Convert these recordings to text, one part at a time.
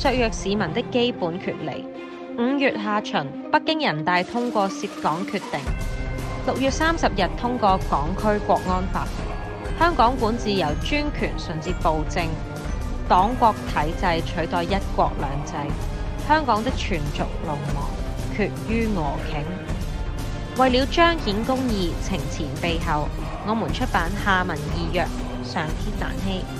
削弱市民的基本權利。五月下旬，北京人大通過涉港決定；六月三十日通過港區國安法。香港管治由專權順至暴政，黨國體制取代一國兩制。香港的全族淪亡，決於俄頃。為了彰顯公義，懲前毖後，我們出版《下民易虐》，上天難欺。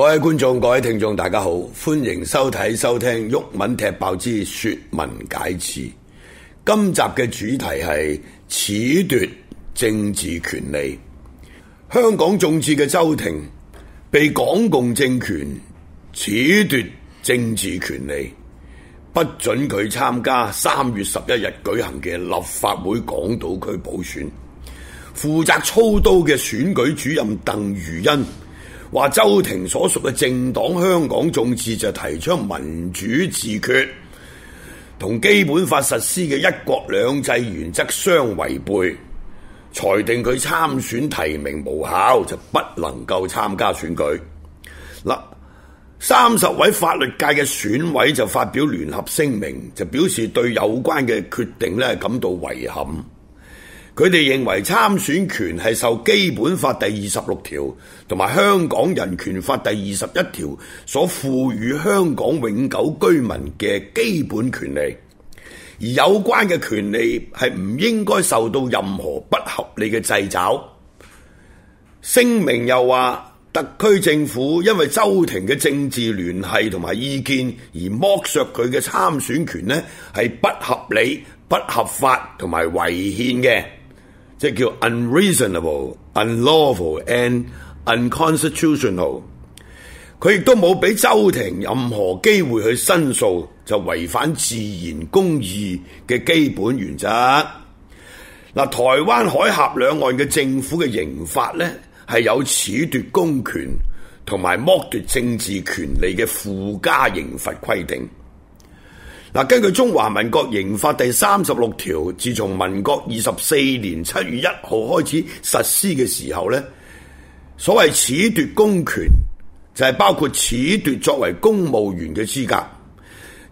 各位觀眾、各位聽眾，大家好，歡迎收睇、收聽《毓民踢爆之說文解字》。今集嘅主題係褫奪政治權利。香港眾志嘅周庭被港共政權褫奪政治權利，不准佢參加三月十一日舉行嘅立法會港島區補選。負責操刀嘅選舉主任鄧如欣。話周庭所屬嘅政黨香港眾志就提出民主自決同基本法實施嘅一國兩制原則相違背，裁定佢參選提名無效，就不能夠參加選舉。嗱，三十位法律界嘅選委就發表聯合聲明，就表示對有關嘅決定咧感到遺憾。佢哋認為參選權係受《基本法》第二十六條同埋《香港人權法》第二十一條所賦予香港永久居民嘅基本權利，而有關嘅權利係唔應該受到任何不合理嘅掣肘。聲明又話，特區政府因為周庭嘅政治聯繫同埋意見而剝削佢嘅參選權呢係不合理、不合法同埋違憲嘅。即係叫 unreasonable un un、unlawful and unconstitutional。佢亦都冇俾周庭任何機會去申訴，就違反自然公義嘅基本原則。嗱，台灣海峽兩岸嘅政府嘅刑法呢，係有褫奪公權同埋剝奪政治權利嘅附加刑罰規定。嗱，根據中華民國刑法第三十六條，自從民國二十四年七月一號開始實施嘅時候咧，所謂褫奪公權就係、是、包括褫奪作為公務員嘅資格、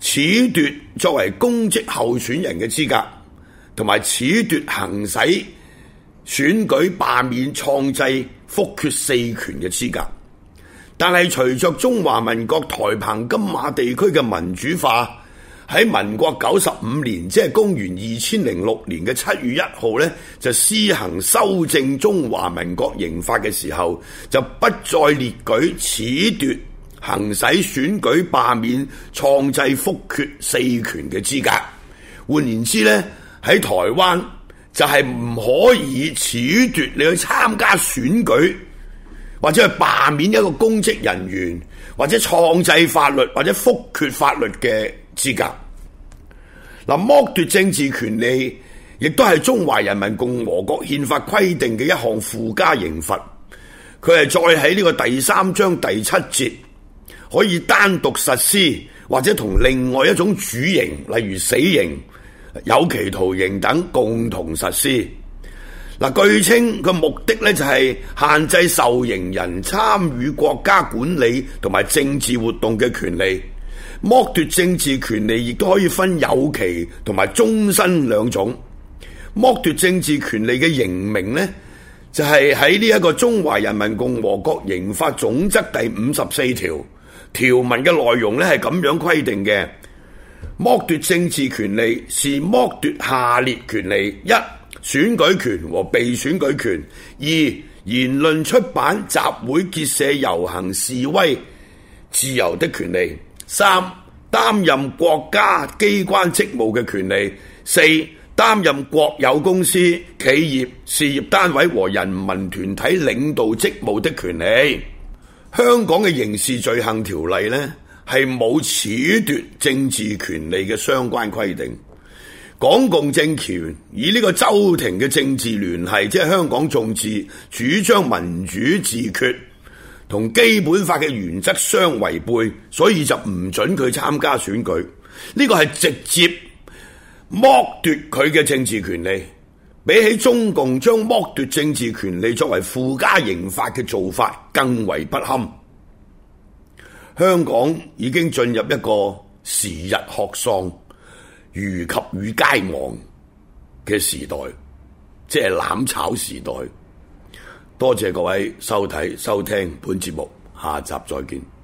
褫奪作為公職候選人嘅資格，同埋褫奪行使選舉罷免創制複決四權嘅資格。但係隨着中華民國台澎金馬地區嘅民主化，喺民國九十五年，即係公元二千零六年嘅七月一號咧，就施行修正中華民國刑法嘅時候，就不再列舉褫奪行使選舉罷免創制複決四權嘅資格。換言之咧，喺台灣就係唔可以褫奪你去參加選舉，或者係罷免一個公職人員，或者創制法律，或者複決法律嘅資格。嗱，剝奪政治權利亦都係中華人民共和國憲法規定嘅一項附加刑罰，佢係再喺呢個第三章第七節可以單獨實施，或者同另外一種主刑，例如死刑、有期徒刑等共同實施。嗱，據稱個目的呢就係限制受刑人參與國家管理同埋政治活動嘅權利。剝奪政治權利亦都可以分有期同埋終身兩種。剝奪政治權利嘅刑名呢，就係喺呢一個《中華人民共和國刑法總則》第五十四條條文嘅內容呢，係咁樣規定嘅：剝奪政治權利是剝奪下列權利：一、選舉權和被選舉權；二、言論、出版、集會、結社、遊行、示威自由的權利。三擔任國家機關職務嘅權利；四擔任國有公司、企業、事業單位和人民團體領導職務的權利。香港嘅刑事罪行條例呢，係冇褫奪政治權利嘅相關規定。港共政權以呢個周庭嘅政治聯繫，即係香港眾志主張民主自決。同基本法嘅原則相違背，所以就唔准佢參加選舉。呢個係直接剝奪佢嘅政治權利，比起中共將剝奪政治權利作為附加刑法嘅做法，更為不堪。香港已經進入一個時日曷喪、予及汝皆亡嘅時代，即係攬炒時代。多謝各位收睇收聽本節目，下集再見。